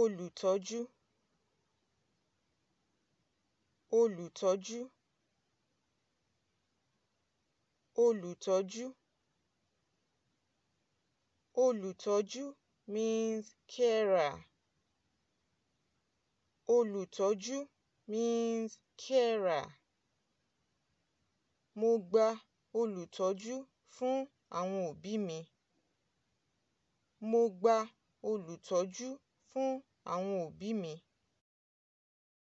olùtọ́jú olùtọ́jú olùtọ́jú olùtọ́jú means carer olùtọ́jú means carer mo gba olùtọ́jú fún àwọn òbí mi mo gba olùtọ́jú fún àwọn òbí mi